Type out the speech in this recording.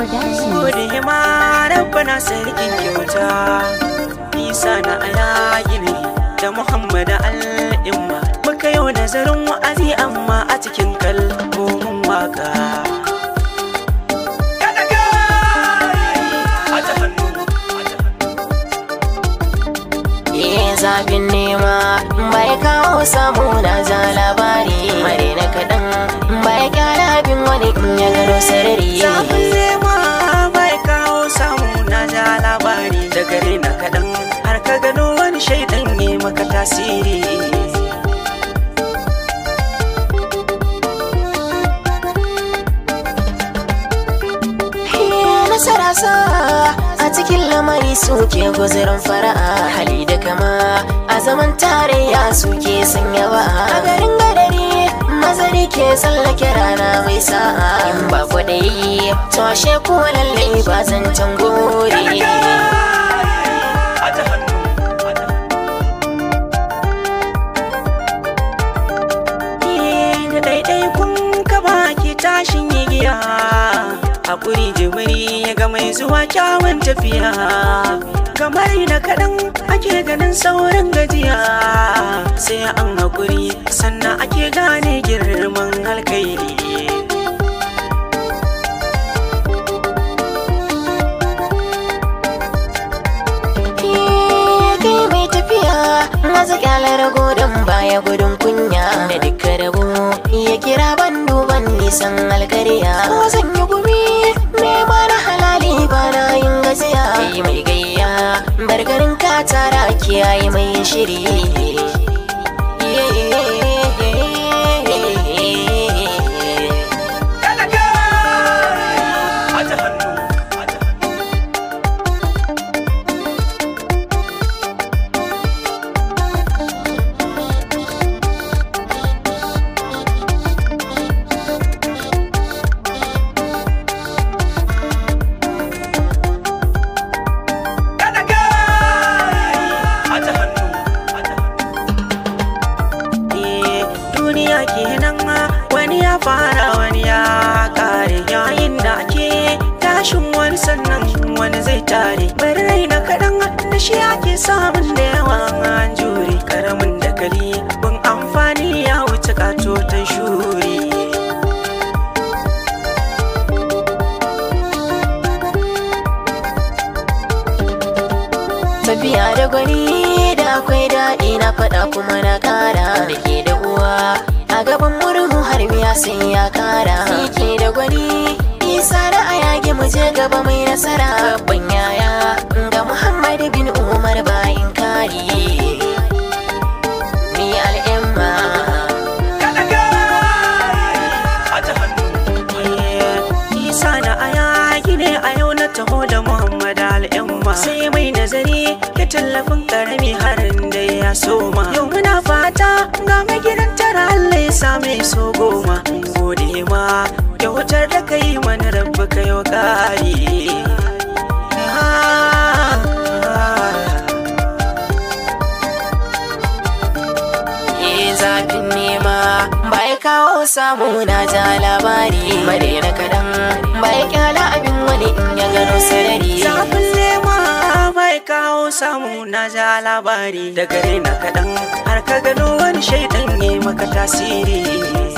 Kudi ma rabbana sarkin kyauta Isa na alayini da Muhammad al'imma Muka yau nazarin wa'azi amma a cikin kalbomin waka zafin nema bai kawo samu na za labari mare na kaɗan bai kyara bin wani in ya gano sarari tasiri nasara a cikin lamari suke guzurin fara'a hali da kama azaman zaman tarayya suke sanya ba a garin gadari mazari ke tsallake rana mai sa'a in ba kwaɗayi to ashe ko lallai ba zancen gore hakuri jimiri ya ga mai zuwa kyawun tafiya kamar na kaɗan ake ganin saurin gajiya sai an haƙuri sannan ake gane girman alkairi Raza kyalar godon baya gudun kunya da ya kira ban duban nisan alkariya. Ko zan yi gumi gaziya mai gayya bargarin ka tara kiyaye mai shiri abin da yawa an juri karamin dakali bin amfani ya wuce katotan shuri tafiya da gwani da akwai daɗi na faɗa kuma na ƙara da ke da uwa a gaban murhu har wuya sai ya ƙara ke da gwani isa da a yage mu je gaba mai nasara babban yaya ga muhammadu bin umar ba taho da Muhammad al'amma. sai mai nazari ya tallafin karami harin da ya soma yau muna fata ga mai gidan tara Allah ya same so goma gode ma wutar da kai mana rabba ka yau kari zafin nema kawo samu na ja labari na kadan bai sarari za kulle kawo samu na ja labari da gare na kaɗan har ka gano wani shaidan ne maka tasiri